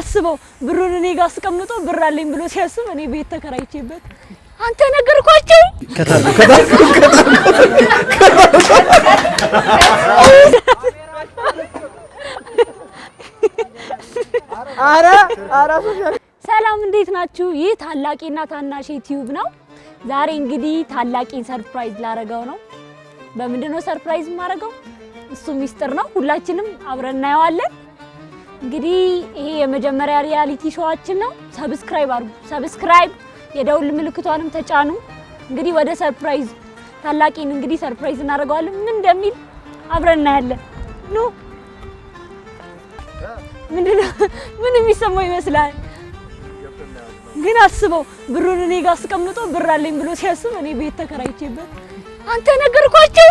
አስበው ብሩን እኔ ጋር አስቀምጦ ብር አለኝ ብሎ ሲያስብ እኔ ቤት ተከራይቼበት አንተ ነገርኳቸው። ሰላም እንዴት ናችሁ? ይህ ታላቂና ታናሽ ዩቲዩብ ነው። ዛሬ እንግዲህ ታላቂን ሰርፕራይዝ ላረገው ነው። በምንድን ነው ሰርፕራይዝ ማረገው? እሱ ሚስጥር ነው። ሁላችንም አብረን እናየዋለን። እንግዲህ ይሄ የመጀመሪያ ሪያሊቲ ሾዋችን ነው። ሰብስክራይብ አድርጉ። ሰብስክራይብ የደውል ምልክቷንም ተጫኑ። እንግዲህ ወደ ሰርፕራይዝ ታላቂን እንግዲህ ሰርፕራይዝ እናደርገዋለን። ምን እንደሚል አብረን እናያለን። ኑ ምንድነው? ምን የሚሰማው ይመስላል? ግን አስበው፣ ብሩን እኔ ጋር አስቀምጦ ብር አለኝ ብሎ ሲያስብ እኔ ቤት ተከራይቼበት አንተ ነገርኳቸው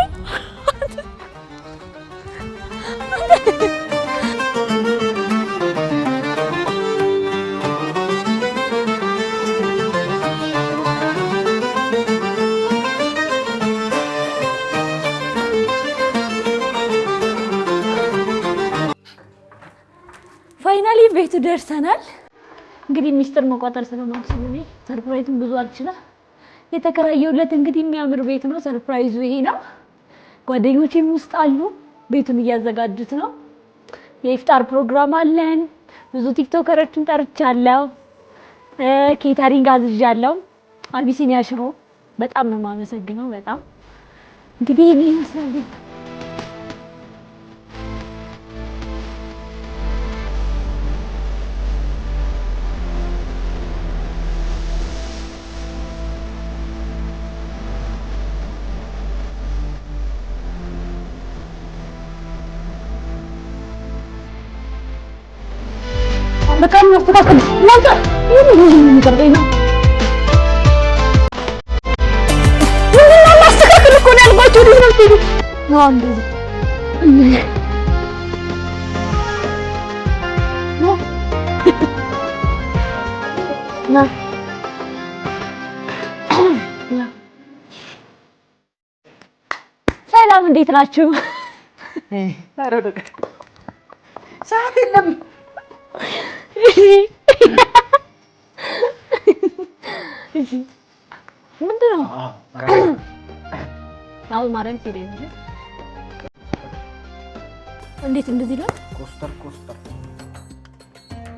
ደርሰናል። እንግዲህ ሚስጥር መቋጠር ስለማልችል እኔ ሰርፕራይዝም ብዙ አልችልም። የተከራየሁለት እንግዲህ የሚያምር ቤት ነው። ሰርፕራይዙ ይሄ ነው። ጓደኞቼም ውስጥ አሉ። ቤቱን እያዘጋጁት ነው። የኢፍጣር ፕሮግራም አለን። ብዙ ቲክቶከሮችን ጠርቻለሁ። ኬተሪንግ አዝዣለሁ። አቢሲኒያ ሽሮ በጣም ነው የማመሰግነው። በጣም እንግዲህ ይሄን ይመስላል። ሰላም፣ እንዴት ናችሁ? ሰዓት የለም። ምንድን ነው አሁን? ማርያም ሲል እንዴት እንደዚህ ይላል? ኮስተር ኮስተር።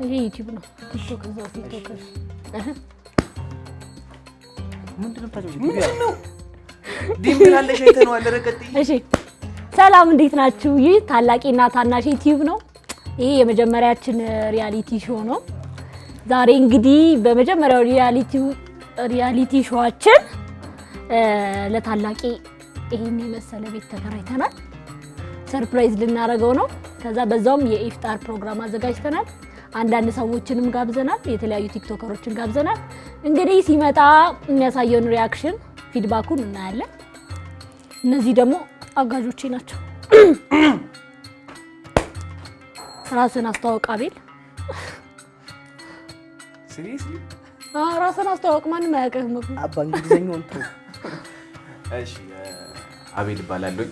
ይሄ ዩቲዩብ ነው። ቲክቶክ እዛው ቲክቶክ ሰላም እንዴት ናችሁ? ይህ ታላቂና ታናሽ ዩቲዩብ ነው። ይሄ የመጀመሪያችን ሪያሊቲ ሾው ነው። ዛሬ እንግዲህ በመጀመሪያው ሪያሊቲ ሾዋችን ለታላቂ ይህን የመሰለ ቤት ተከራይተናል። ሰርፕራይዝ ልናደርገው ነው። ከዛ በዛውም የኢፍጣር ፕሮግራም አዘጋጅተናል። አንዳንድ ሰዎችንም ጋብዘናል። የተለያዩ ቲክቶከሮችን ጋብዘናል። እንግዲህ ሲመጣ የሚያሳየውን ሪያክሽን ፊድባኩን እናያለን። እነዚህ ደግሞ አጋዦቼ ናቸው። ራስን አስተዋውቅ አቤል። ራስን አስተዋውቅ፣ ማንም አያውቅህም እኮ አባ። እንግሊዝኛውን ተው። እሺ አቤል እባላለሁ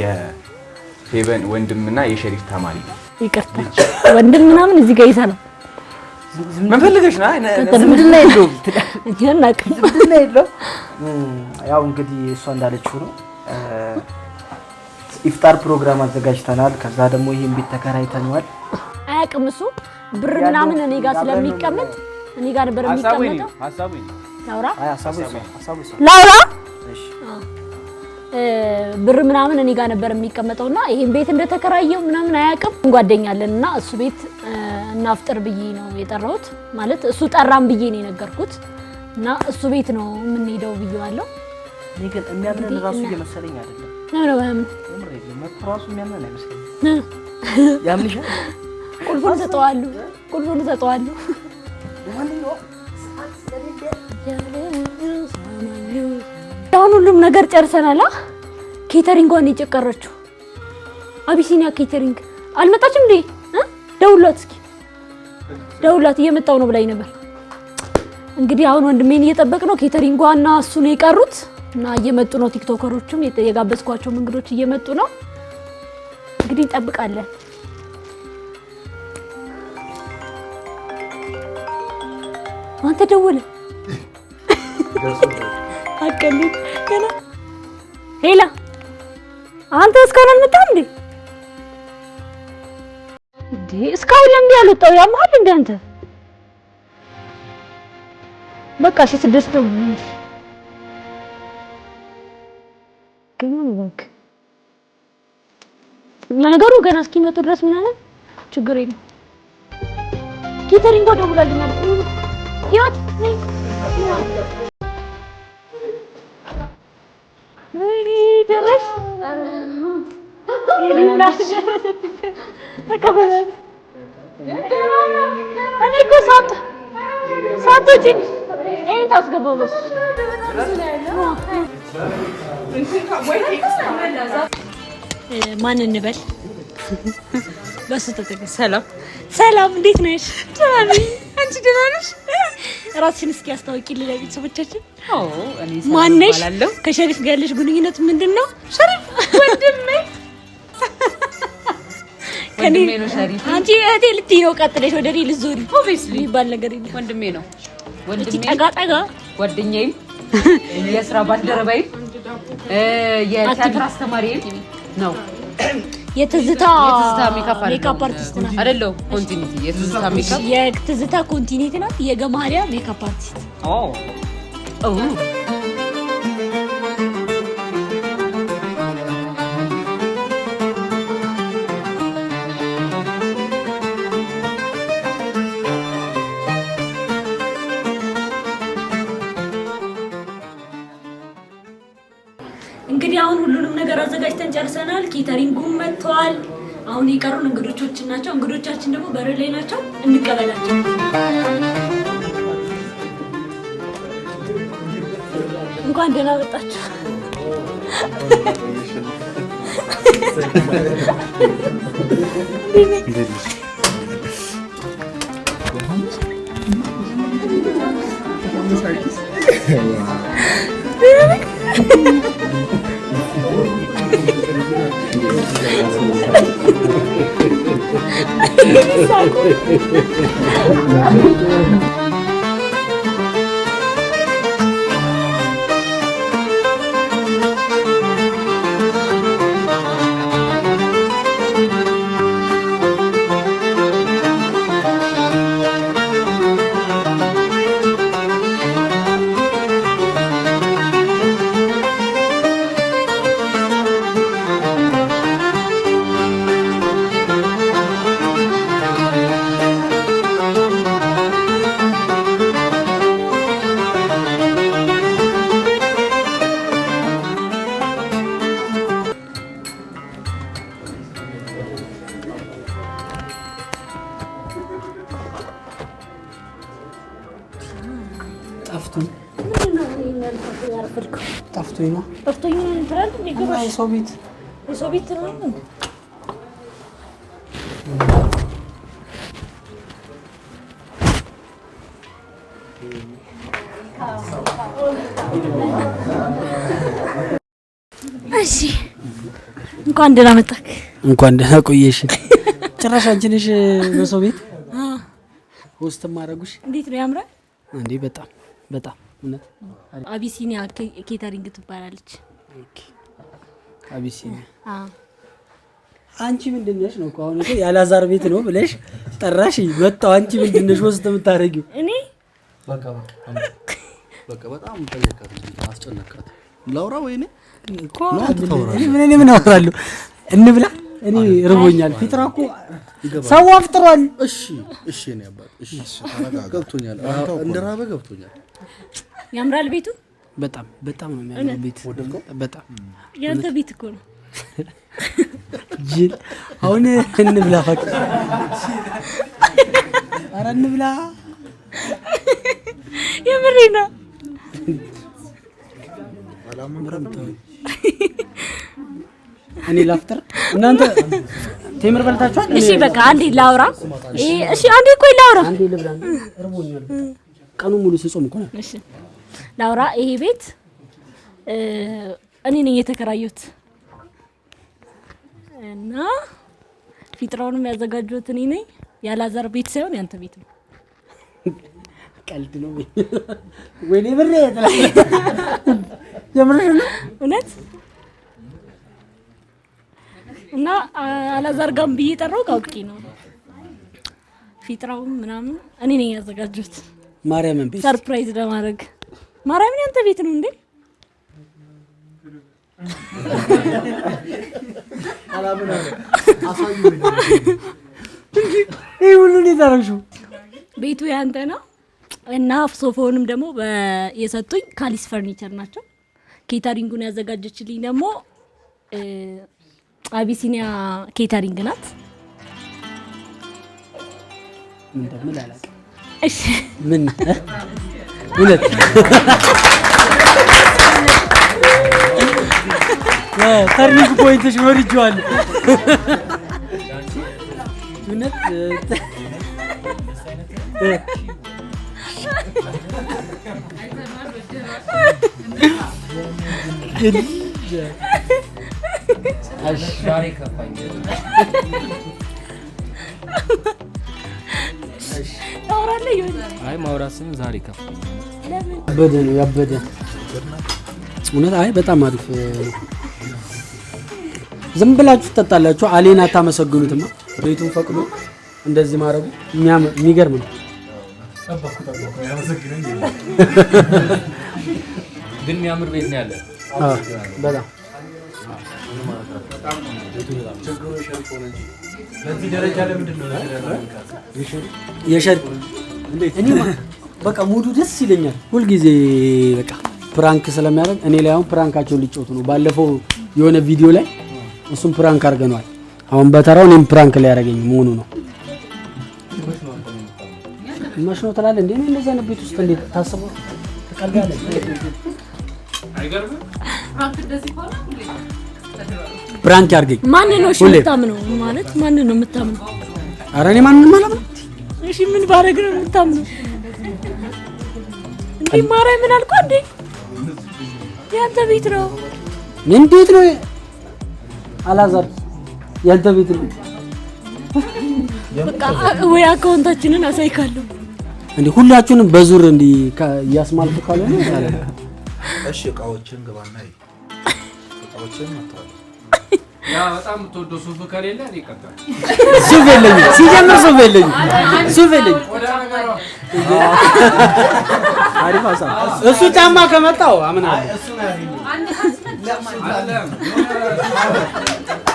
የሄቨን ወንድምና የሸሪፍ ተማሪ ነው። ይቅርታ ወንድም ምናምን እዚህ ጋር ይሰራል። ምን ፈልገሽ ነው? ዝምድና የለውም። ያው እንግዲህ እሷ እንዳለችው ነው ኢፍጣር ፕሮግራም አዘጋጅተናል። ከዛ ደግሞ ይህን ቤት ተከራይተነዋል። አያውቅም እሱ ብር ምናምን እኔ ጋር ስለሚቀመጥ እኔ ጋር ነበር የሚቀመጠው። ላውራ ብር ምናምን እኔ ጋር ነበር የሚቀመጠውና ይህን ቤት እንደተከራየው ምናምን አያውቅም። እንጓደኛለን እና እሱ ቤት እናፍጥር ብዬ ነው የጠራሁት። ማለት እሱ ጠራም ብዬ ነው የነገርኩት እና እሱ ቤት ነው የምንሄደው ብዬዋለሁ። እኔ ግን የሚያምነን ራሱ እየመሰለኝ አይደለም። ለምን ራሱ ያምንሻል። ቁልፉን እሰጠዋለሁ፣ ቁልፉን እሰጠዋለሁ። አሁን ሁሉም ነገር ጨርሰናል። ኬተሪንጓን የጨቀረችው አቢሲኒያ ኬተሪንግ አልመጣችም እንዴ? ደውላት እስኪ ደውላት። እየመጣው ነው ብላኝ ነበር። እንግዲህ አሁን ወንድሜን እየጠበቅ ነው። ኬተሪንጓና እሱ ነው የቀሩት። እና እየመጡ ነው ቲክቶከሮችም የጋበዝኳቸው እንግዶች እየመጡ ነው። እንግዲህ እንጠብቃለን። አንተ ደወለ አቀል ገና ሄላ አንተ እስካሁን አልመጣም እንዴ? እንዴ እስካሁን ለምን ያልወጣው ያመሃል እንደ አንተ በቃ እሺ ስድስት አትገኝም ለነገሩ ገና እስኪመጡ ድረስ ምን አለ ችግር የለም። ኬተሪንግ ደውላልኝ ህይወት ደረስ እኔ እኮ ሳትወጪ ታስገባው ማን እንበል? ሰላም ሰላም፣ እንዴት ነሽ? ደህና ነኝ። አንቺ ደህና ነሽ? ራስሽን እስኪ አስታውቂልን ለቤተሰቦቻችን። ማን ነሽ? ከሸሪፍ ጋር ያለሽ ግንኙነት ምንድን ነው? ሸሪፍ ወንድሜ አንቺ እህቴ ልትይ ነው? ቀጥለሽ ወደ እኔ ልትዞሪ የሚባል ነገር የለም። ወንድሜ ነው። ወንድሜ ጠጋ ጠጋ ጓደኛዬም የስራ ባልደረባዬ የቲያትር አስተማሪ ነው። የትዝታ ሜካፕ አርቲስት ናት አይደለሁ? ኮንቲኒቲ የትዝታ ሜካፕ የትዝታ ኮንቲኒቲ ናት። የገማሪያ ሜካፕ አርቲስት ጨርሰናል። ኬተሪንጉም መጥተዋል። አሁን የቀሩን እንግዶቻችን ናቸው። እንግዶቻችን ደግሞ በር ላይ ናቸው። እንቀበላቸው። እንኳን ደህና መጣችሁ። ነው። የሰው ቤት የሰው ቤት ነው። እሺ እንኳን ደህና መጣህ። እንኳን ደህና ቆየሽ። ጭራሽ አንቺ ነሽ በሰው ቤት ውስጥ ማረጉሽ። እንዴት ነው ያምራል እንዴ! በጣም በጣም አቢሲኒያ ኬተሪንግ ትባላለች። አቢሲኒያ። አንቺ ምንድነሽ ነው እኮ ያላዛር ቤት ነው ብለሽ ጠራሽ መጣው። አንቺ ምንድነሽ ወስጥ የምታደርጊው? እኔ በቃ በቃ በጣም ላውራ ምን እኔ ምን አወራለሁ? እንብላ እኔ ርቦኛል። ፊጥራ እኮ ሰው አፍጥሯል። እሺ እሺ፣ እኔ አባት እሺ፣ ገብቶኛል። ገብቶኛል። ያምራል ቤቱ በጣም በጣም ነው የሚያምር ቤት። በጣም ያንተ ቤት እኮ ነው። ጅል አሁን እንብላ ፈቅ ኧረ እንብላ። የምሬ ነው። እኔ ላፍጥር እናንተ ቴምር በልታችኋል። እሺ በቃ አንዴ ላውራ። እሺ አንዴ ቆይ ላውራ። አንዴ ልብላ። ቀኑ ሙሉ ስጾም እኮ ነው። ላውራ ይሄ ቤት እኔ ነኝ የተከራዩት እና ፊጥራውንም ያዘጋጁት እኔ ነኝ። ያላዛር ቤት ሳይሆን ያንተ ቤት ነው። ቀልድ ነው። ወይኔ ብሬ የምርሽ ነው እውነት። እና አላዛር ጋም ብዬ ጠራው ቃውቂ ነው። ፊጥራውም ምናምን እኔ ነኝ ያዘጋጁት ማርያምን ቤት ሰርፕራይዝ ለማድረግ ማርያምን ያንተ ቤት ነው እንዴ? ይህ ሁሉ እንዴት ቤቱ ያንተ ነው እና ሶፎንም ደግሞ የሰጡኝ ካሊስ ፈርኒቸር ናቸው። ኬተሪንጉን ያዘጋጀችልኝ ደግሞ አቢሲኒያ ኬተሪንግ ናት። ምን ولد قرني بوينت شعوري جوال አይ ማውራት ስን ዛሬ ከፍ ያበደ ነው ያበደ እውነት። አይ በጣም አሪፍ። ዝም ብላችሁ ትጠጣላችሁ፣ አሌን አታመሰግኑትማ። ቤቱን ፈቅዶ እንደዚህ ማድረጉ የሚገርም ነው። ግን የሚያምር ቤት ነው ያለ በጣም በዚህ በቃ ሙዱ ደስ ይለኛል ሁልጊዜ በቃ ፕራንክ ስለሚያደርግ እኔ ላይ አሁን ፕራንካቸውን ሊጫወቱ ነው። ባለፈው የሆነ ቪዲዮ ላይ እሱም ፕራንክ አድርገነዋል። አሁን በተራው እኔም ፕራንክ ላይ ያደረገኝ መሆኑ ነው። መች ትላለህ እንዴ? እንደዚህ አይነት ቤት ውስጥ እንዴት ታስበው ትቀልዳለህ? አይገርምም ፕራንክ ያርገኝ። ማን ነው እሺ የምታምነው? ማለት ማን ነው የምታምነው? ኧረ እኔ ማንንም አላምነው። እሺ ምን ባረግ ነው የምታምነው? እንዴ ማርያም ምን አልኩ እንዴ? ያንተ ቤት ነው እንዴት ነው አላዛር? ያንተ ቤት ነው በቃ ወይ አካውንታችንን አሳይካለሁ። እንዴ ሁላችሁንም በዙር እንዲ እያስማልኩ ካልሆነ እሺ እቃዎችን ግባና እቃዎችን ሱፍ ከሌለ ሱፍ የለኝም። ሲጀምር ሱፍ የለኝም። ሱፍ የለኝም። እሱ ጫማ ከመጣው አምናለሁ።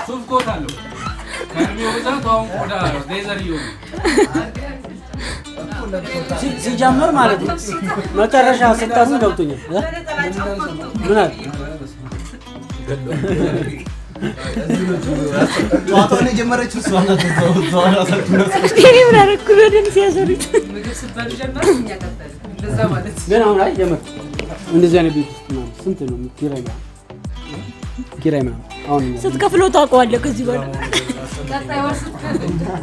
ሱፍ ኮት ሲጀምር ማለት ነው። መጨረሻ ስታስን ገብቶኛል። ምን አለ ጨዋታውን የጀመረችው እሷ ናት። ግን አሁን እንደዚህ አይነት ቤት ውስጥ ምናምን ስንት ነው ኪራይ ምናምን ኪራይ ምናምን አሁን ስትከፍለው ታውቀዋለህ። ከዚህ በኋላ ቀጣይ ወር ስትከፍለው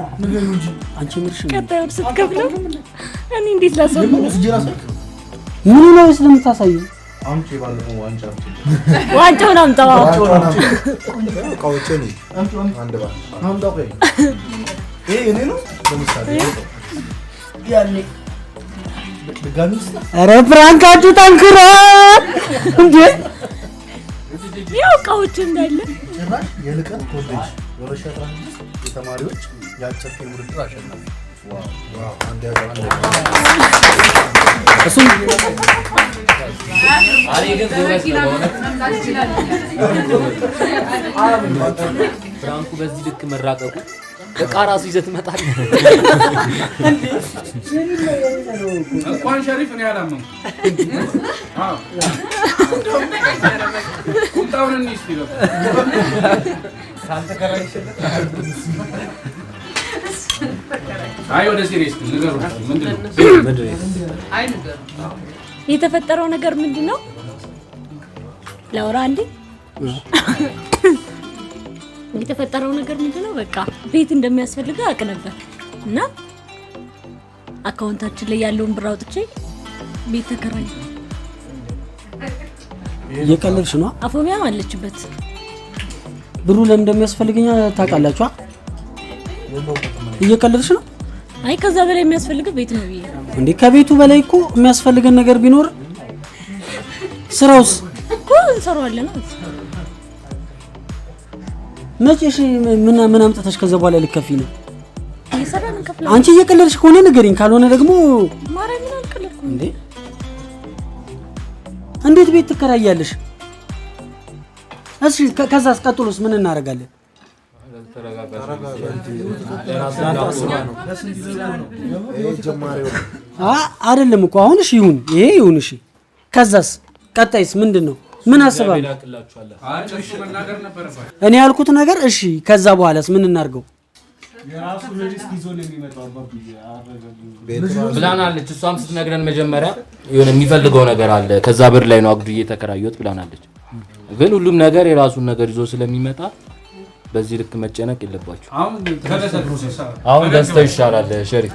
እኔ እንዴት ምኑ ነው ስለምታሳየው አምጪ ባለፈው ዋንጫ ዋንጫውን አምጣ። እቃዎችን አንድ አምጣ። ይሄ እኔ ነው። ለምሳሌ ያኔ ኧረ ፍራንካችሁ ጠንክሮ እንዴ! ያው እቃዎች እንዳለ ጭራሽ የልቀት ኮሌጅ ወረሻ የተማሪዎች የአጭር ፊልም ውድድር አሸናፊ እኔ ነው ፍራንኩ በዚህ ልክ መራቀቁ እቃ ራሱ ይዘህ ትመጣለህ። እንኳን ሸሪፍ እኔ አላመንኩም። ነው የተፈጠረው ነገር ምንድን ነው? ለወራ አንዴ የተፈጠረው ነገር ምንድነው? በቃ ቤት እንደሚያስፈልገ አውቅ ነበር እና አካውንታችን ላይ ያለውን ብር አውጥቼ ቤት ተከራይ። እየቀለድሽ ነው? አፎሚያም አለችበት። ብሩ ለምን እንደሚያስፈልገኝ ታውቃላችሁ? እየቀለድሽ ነው? አይ ከዛ በላይ የሚያስፈልገው ቤት ነው ብዬ እንዴ። ከቤቱ በላይ እኮ የሚያስፈልገን ነገር ቢኖር ስራውስ እንሰራዋለን። መቼ እሺ፣ ምን ምን አምጥተሽ ከዛ በኋላ ልከፊ ነው? አንቺ እየቀለልሽ ከሆነ ንገሪኝ፣ ካልሆነ ደግሞ እንዴት ቤት ትከራያለሽ? እሺ፣ ከዛስ ቀጥሎስ ምን እናደርጋለን? አይደለም እኮ አሁን እሺ፣ ይሁን ይሄ ይሁን፣ እሺ። ከዛስ ቀጣይስ ምንድን ነው? ምን አስባ እኔ ያልኩት ነገር እሺ፣ ከዛ በኋላስ ምን እናርገው? ብላናለች። እሷም ስትነግረን መጀመሪያ የሆነ የሚፈልገው ነገር አለ፣ ከዛ ብር ላይ ነው ብላናለች። ግን ሁሉም ነገር የራሱን ነገር ይዞ ስለሚመጣ በዚህ ልክ መጨነቅ የለባችሁ። አሁን ደስታ ይሻላል ሸሪፍ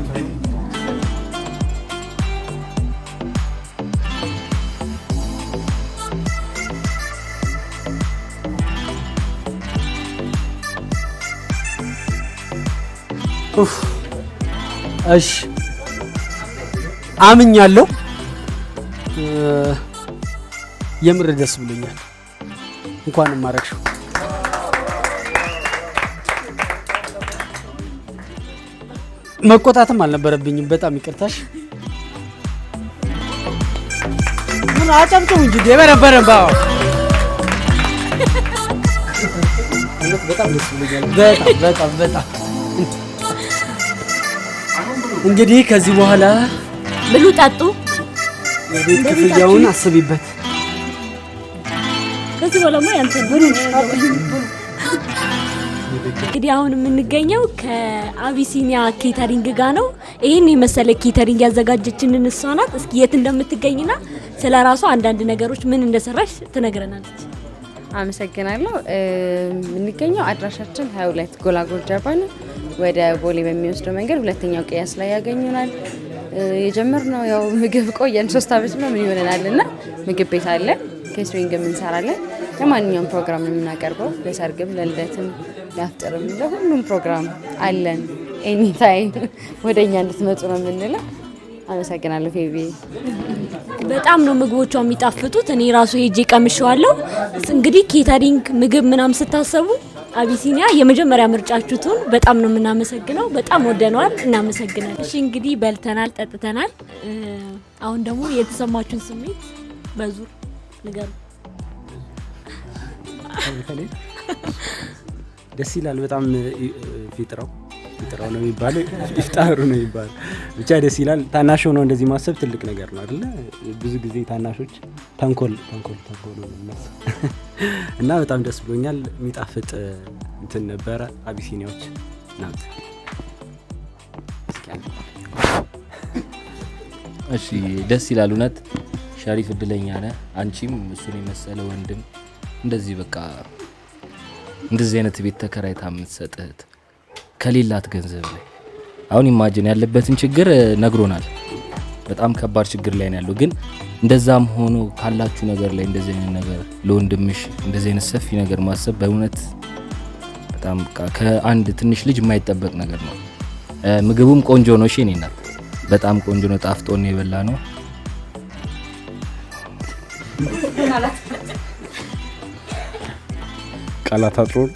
ኡፍ እሺ አምኛለሁ። የምር ደስ ብሎኛል። እንኳን ማረግሽው። መቆጣትም አልነበረብኝም። በጣም ይቅርታሽ። ምን አጨብጭቡ እንጂ የበረበረባ በጣም ደስ ብሎኛል። በጣም በጣም በጣም እንግዲህ ከዚህ በኋላ ብሉ፣ ጠጡ። የቤት ክፍያውን አስቢበት። ከዚህ በኋላ ያንተ እንግዲህ አሁን የምንገኘው ከአቢሲኒያ ኬተሪንግ ጋር ነው። ይህን የመሰለ ኬተሪንግ ያዘጋጀችንን እሷ ናት። እስኪ የት እንደምትገኝና ስለ ራሷ አንዳንድ ነገሮች ምን እንደሰራች ትነግረናለች። አመሰግናለሁ። የምንገኘው አድራሻችን ሀያ ሁለት ጎላጎል ጀርባ ነው። ወደ ቦሌ በሚወስደው መንገድ ሁለተኛው ቅያስ ላይ ያገኙናል። የጀመርነው ያው ምግብ ቆየን ሶስት ዓመት ነው ምን ይሆነናል እና ምግብ ቤት አለ ኬትሪንግ እንሰራለን። ለማንኛውም ፕሮግራም ነው የምናቀርበው፣ ለሰርግም፣ ለልደትም፣ ለአፍጥርም ለሁሉም ፕሮግራም አለን። ኤኒታይም ወደ እኛ እንድትመጡ ነው የምንለው። አመሰግናለሁ ፌቪ። በጣም ነው ምግቦቿ የሚጣፍጡት። እኔ ራሱ ሄጄ ቀምሼዋለሁ። እንግዲህ ኬተሪንግ ምግብ ምናምን ስታሰቡ አቢሲኒያ የመጀመሪያ ምርጫችሁትን በጣም ነው የምናመሰግነው። በጣም ወደነዋል፣ እናመሰግናል። እሺ እንግዲህ በልተናል፣ ጠጥተናል። አሁን ደግሞ የተሰማችሁን ስሜት በዙር ንገሩ። ደስ ይላል በጣም ፊጥረው ፊጥረው ነው የሚባለው ኢፍጣሩ ነው የሚባለው ብቻ ደስ ይላል። ታናሽ ሆኖ እንደዚህ ማሰብ ትልቅ ነገር ነው አይደለ? ብዙ ጊዜ ታናሾች ተንኮል ተንኮል ተንኮል ነው እና በጣም ደስ ብሎኛል። የሚጣፍጥ እንትን ነበረ። አቢሲኒያዎች ናት። እሺ፣ ደስ ይላል እውነት። ሸሪፍ እድለኛ ነ አንቺም እሱን የመሰለ ወንድም እንደዚህ በቃ እንደዚህ አይነት ቤት ተከራይታ የምትሰጥህት ከሌላት ገንዘብ ላይ አሁን ኢማጅን ያለበትን ችግር ነግሮናል። በጣም ከባድ ችግር ላይ ነው ያለው። ግን እንደዛም ሆኖ ካላችሁ ነገር ላይ እንደዚህ አይነት ነገር ለወንድምሽ እንደዚህ አይነት ሰፊ ነገር ማሰብ በእውነት በጣም ከአንድ ትንሽ ልጅ የማይጠበቅ ነገር ነው። ምግቡም ቆንጆ ነው። እሺ እኔ በጣም ቆንጆ ነው። ነው የበላ ነው። ቃላት አጥሮን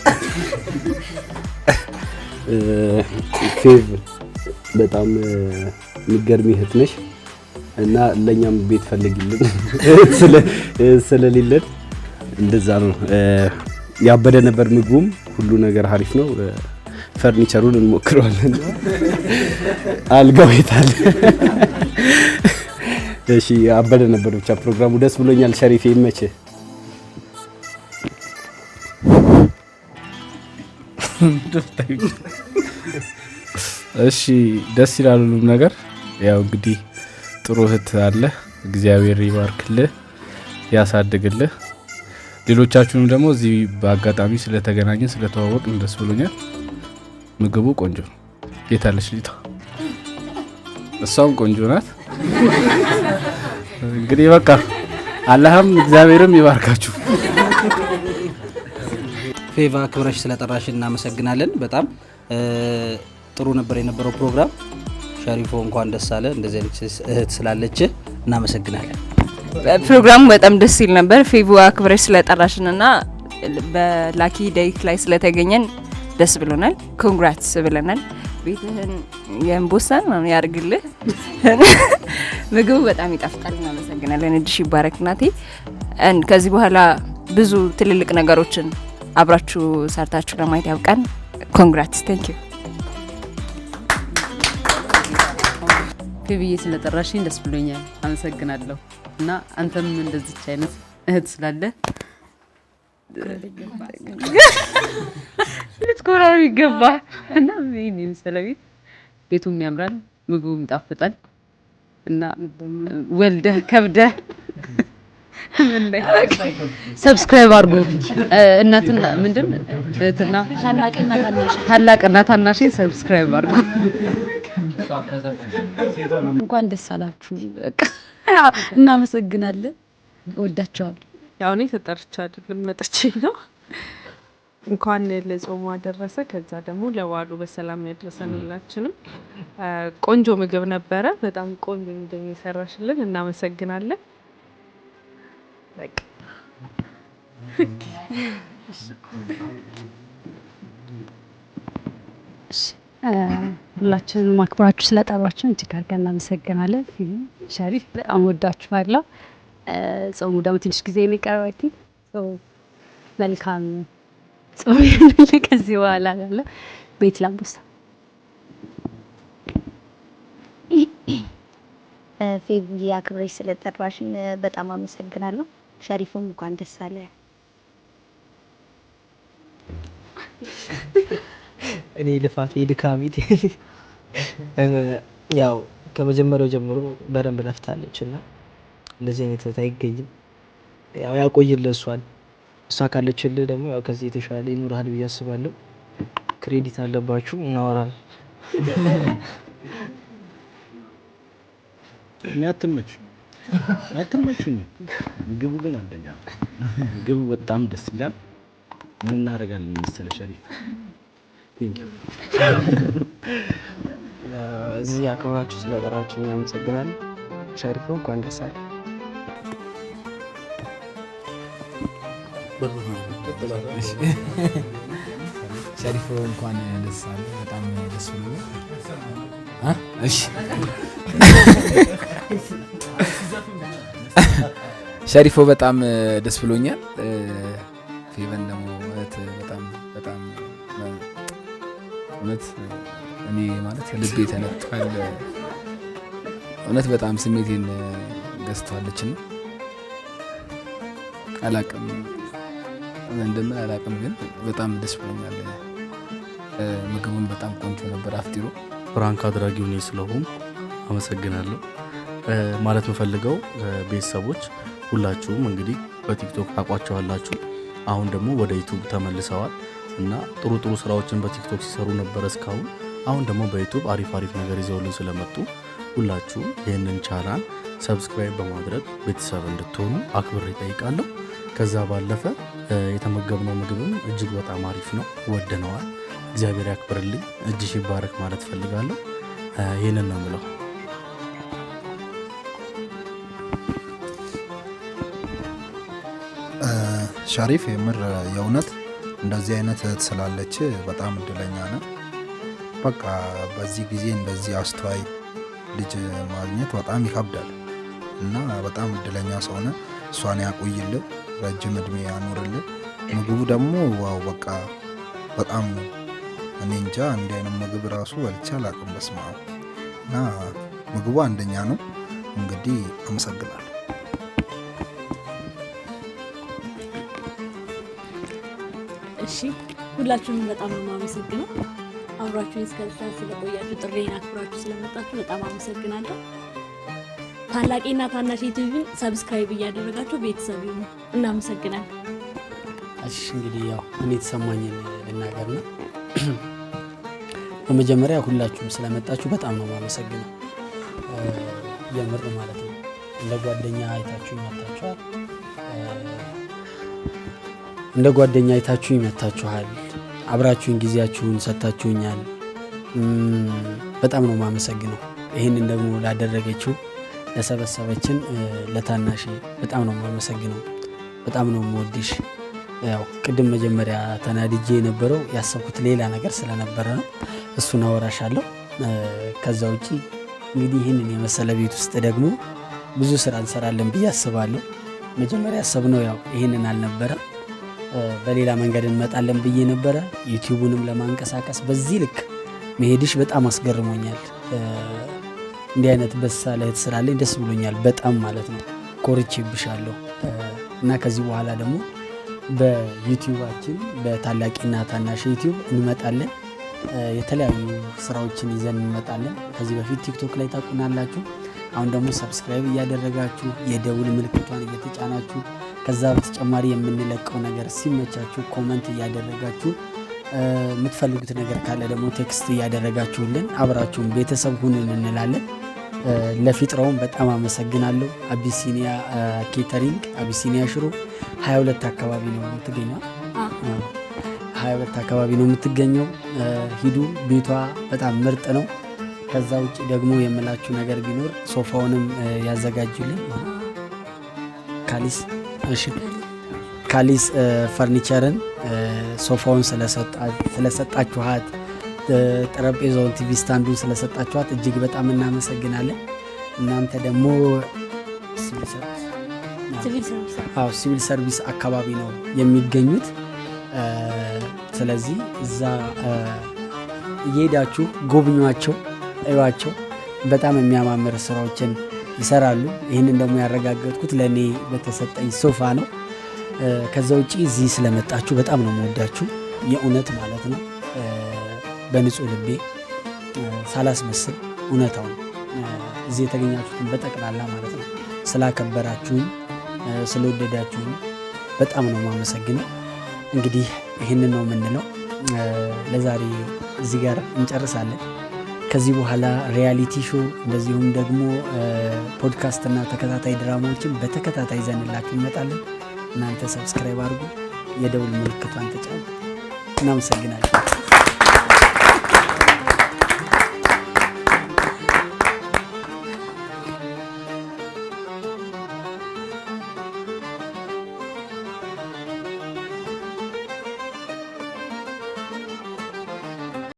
ፌቭ በጣም የሚገርም ይህት ነሽ። እና ለእኛም ቤት ፈልግልን ስለሌለን እንደዛ ነው። ያበደ ነበር ምግቡም፣ ሁሉ ነገር ሀሪፍ ነው። ፈርኒቸሩን እንሞክረዋለን። አልጋው የታለ? እሺ፣ አበደ ነበር ብቻ ፕሮግራሙ ደስ ብሎኛል። ሸሪፍ ይመች። እሺ፣ ደስ ይላል ሁሉም ነገር ያው እንግዲህ ጥሩ እህት አለ። እግዚአብሔር ይባርክልህ ያሳድግልህ። ሌሎቻችሁንም ደግሞ እዚህ በአጋጣሚ ስለተገናኘን ስለተዋወቅን ደስ ብሎኛል። ምግቡ ቆንጆ ነው። የታለች ልጅቷ? እሷም ቆንጆ ናት። እንግዲህ በቃ አላህም እግዚአብሔርም ይባርካችሁ። ፌቫ ክብረሽ ስለጠራሽ እናመሰግናለን። በጣም ጥሩ ነበር የነበረው ፕሮግራም ሸሪፎ እንኳን ደስ አለ። እንደዚህ አይነት እህት ስላለች እናመሰግናለን። ፕሮግራሙ በጣም ደስ ይል ነበር። ፌቡ አክብረሽ ስለጠራሽንና በላኪ ደይክ ላይ ስለተገኘን ደስ ብሎናል። ኮንግራትስ ብለናል። ቤትህን የእምቦሳን ነው ያርግልህ። ምግቡ በጣም ይጣፍጣል። እናመሰግናለን። እድሽ ይባረክ እናቴ። ከዚህ በኋላ ብዙ ትልልቅ ነገሮችን አብራችሁ ሰርታችሁ ለማየት ያብቃን። ኮንግራትስ። ታንኪዩ ከብዬ ስለጠራሽኝ ደስ ብሎኛል። አመሰግናለሁ። እና አንተም እንደዚች አይነት እህት ስላለ ልትኮራሩ ይገባል። እና ይህን የመሰለ ቤት ቤቱም ያምራል፣ ምግቡም ይጣፍጣል እና ወልደ ከብደ ሰብስክራይብ አድርጎ እናትና ምንድን እህትና ታላቅና ታናሽ ሰብስክራይብ አድርጎ እንኳን ደስ አላችሁ። እናመሰግናለን። ወዳቸዋል። ያው እኔ ተጠርቻ አይደለም መጥቼ ነው። እንኳን ለጾሙ አደረሰ። ከዛ ደግሞ ለበዓሉ በሰላም ያደረሰን ሁላችንም። ቆንጆ ምግብ ነበረ። በጣም ቆንጆ እንደሚ የሰራሽልን እናመሰግናለን። በቃ ሁላችን ማክብራችሁ ስለጠራችሁን እጅግ አድርገን እናመሰግናለን። ሸሪፍ በጣም ወዳችኋለሁ። ጾሙ ደግሞ ትንሽ ጊዜ ነው መልካም ጾም ያለ ከዚህ በኋላ ያለ ቤት ላምቦሳ ፌብዬ አክብረሽ ስለጠራሽን በጣም አመሰግናለሁ። ሸሪፉም እንኳን ደስ አለ። እኔ ልፋቴ ድካሚት ያው ከመጀመሪያው ጀምሮ በደንብ ለፍታለች እና እንደዚህ አይነት እህት አይገኝም። ያው ያቆይልህ እሷን እሷ ካለችልህ ደግሞ ያው ከዚህ የተሻለ ይኖርሃል ብዬ አስባለሁ። ክሬዲት አለባችሁ እናወራል እኔ አትመች አትመቹኝ። ግቡ ግን አንደኛ ግቡ በጣም ደስ ይላል። ምን እናደርጋለን መሰለሽ እዚህ አክብራችሁ ስለጠራችሁ አመሰግናለሁ። ሸሪፎ እንኳን ደስ አለ። ሸሪፎ እንኳን ደስ አለ። በጣም ደስ ሸሪፎ በጣም ደስ ብሎኛል። እውነት በጣም ስሜቴን ገዝተዋለች ና አላቅም እንደምን አላቅም፣ ግን በጣም ደስ ብሎኛል። ምግቡን በጣም ቆንጆ ነበር። አፍጢሩ ፕራንክ አድራጊ ሁኔ ስለሆንኩ አመሰግናለሁ ማለት የምፈልገው ቤተሰቦች ሁላችሁም እንግዲህ በቲክቶክ ታውቋቸዋላችሁ። አሁን ደግሞ ወደ ዩቱብ ተመልሰዋል እና ጥሩ ጥሩ ስራዎችን በቲክቶክ ሲሰሩ ነበረ እስካሁን። አሁን ደግሞ በዩቱብ አሪፍ አሪፍ ነገር ይዘውልን ስለመጡ ሁላችሁም ይህንን ቻናል ሰብስክራይብ በማድረግ ቤተሰብ እንድትሆኑ አክብር ይጠይቃለሁ ከዛ ባለፈ የተመገብነው ምግብም እጅግ በጣም አሪፍ ነው፣ ወድነዋል። እግዚአብሔር ያክብርልኝ፣ እጅ ይባረክ ማለት ፈልጋለሁ። ይህንን ነው ምለው። ሸሪፍ የምር የእውነት እንደዚህ አይነት እህት ስላለች በጣም እድለኛ ነን። በቃ በዚህ ጊዜ እንደዚህ አስተዋይ ልጅ ማግኘት በጣም ይከብዳል እና በጣም እድለኛ ሰሆነ እሷን ያቆይልን፣ ረጅም እድሜ ያኖርልን። ምግቡ ደግሞ ዋው በቃ በጣም ነው። እኔ እንጃ እንዲህ አይነት ምግብ ራሱ በልቼ አላውቅም። በስመ አብ እና ምግቡ አንደኛ ነው። እንግዲህ አመሰግናለሁ። እሺ ሁላችሁንም በጣም ነው የማመሰግነው። አብራችሁን እስከዛ ስለቆያችሁ ጥሬን አክብራችሁ ስለመጣችሁ በጣም አመሰግናለሁ። ታላቂና ታናሽ ዩቲዩብን ሰብስክራይብ እያደረጋችሁ ቤተሰብ ነው። እናመሰግናለን። እሺ እንግዲህ ያው እኔ የተሰማኝ ልናገር ነው። በመጀመሪያ ሁላችሁም ስለመጣችሁ በጣም ነው ማመሰግነው፣ የምር ማለት ነው። እንደ ጓደኛ አይታችሁ መታችኋል። እንደ ጓደኛ አይታችሁ ይመታችኋል። አብራችሁን ጊዜያችሁን ሰጥታችሁኛል። በጣም ነው የማመሰግነው። ይህንን ደግሞ ላደረገችው ለሰበሰበችን ለታናሽ በጣም ነው የማመሰግነው። በጣም ነው የምወድሽ። ያው ቅድም መጀመሪያ ተናድጄ የነበረው ያሰብኩት ሌላ ነገር ስለነበረ ነው። እሱን አወራሻለሁ። ከዛ ውጭ እንግዲህ ይህንን የመሰለ ቤት ውስጥ ደግሞ ብዙ ስራ እንሰራለን ብዬ አስባለሁ። መጀመሪያ ያሰብነው ያው ይህንን አልነበረም። በሌላ መንገድ እንመጣለን ብዬ ነበረ። ዩቲዩቡንም ለማንቀሳቀስ በዚህ ልክ መሄድሽ በጣም አስገርሞኛል። እንዲህ አይነት በሳ እህት ስላለኝ ደስ ብሎኛል በጣም ማለት ነው። ኮርቼብሻለሁ እና ከዚህ በኋላ ደግሞ በዩቲዩባችን በታላቂና ታናሽ ዩቲዩብ እንመጣለን። የተለያዩ ስራዎችን ይዘን እንመጣለን። ከዚህ በፊት ቲክቶክ ላይ ታቁናላችሁ። አሁን ደግሞ ሰብስክራይብ እያደረጋችሁ የደውል ምልክቷን እየተጫናችሁ ከዛ በተጨማሪ የምንለቀው ነገር ሲመቻችሁ ኮመንት እያደረጋችሁ የምትፈልጉት ነገር ካለ ደግሞ ቴክስት እያደረጋችሁልን አብራችሁን ቤተሰብ ሁንን እንላለን። ለፊጥረውም በጣም አመሰግናለሁ። አቢሲኒያ ኬተሪንግ አቢሲኒያ ሽሮ 22 አካባቢ ነው የምትገኘው። 22 አካባቢ ነው የምትገኘው። ሂዱ። ቤቷ በጣም ምርጥ ነው። ከዛ ውጭ ደግሞ የምላችሁ ነገር ቢኖር ሶፋውንም ያዘጋጁልን ካሊስ ካሊስ ፈርኒቸርን ሶፋውን ስለሰጣችኋት፣ ጠረጴዛውን፣ ቲቪ ስታንዱን ስለሰጣችኋት እጅግ በጣም እናመሰግናለን። እናንተ ደግሞ ሲቪል ሰርቪስ አካባቢ ነው የሚገኙት። ስለዚህ እዛ እየሄዳችሁ ጎብኟቸው፣ እዩዋቸው። በጣም የሚያማምር ስራዎችን ይሰራሉ። ይህንን ደግሞ ያረጋገጥኩት ለእኔ በተሰጠኝ ሶፋ ነው። ከዛ ውጭ እዚህ ስለመጣችሁ በጣም ነው መወዳችሁ፣ የእውነት ማለት ነው። በንጹህ ልቤ ሳላስመስል እውነታውን እዚህ የተገኛችሁትን በጠቅላላ ማለት ነው ስላከበራችሁኝ፣ ስለወደዳችሁኝ በጣም ነው የማመሰግነው። እንግዲህ ይህንን ነው የምንለው። ለዛሬ እዚህ ጋር እንጨርሳለን። ከዚህ በኋላ ሪያሊቲ ሾው እንደዚሁም ደግሞ ፖድካስትና ተከታታይ ድራማዎችን በተከታታይ ዘንላችሁ እንመጣለን። እናንተ ሰብስክራይብ አድርጉ፣ የደውል ምልክቷን ተጫ እናመሰግናለን።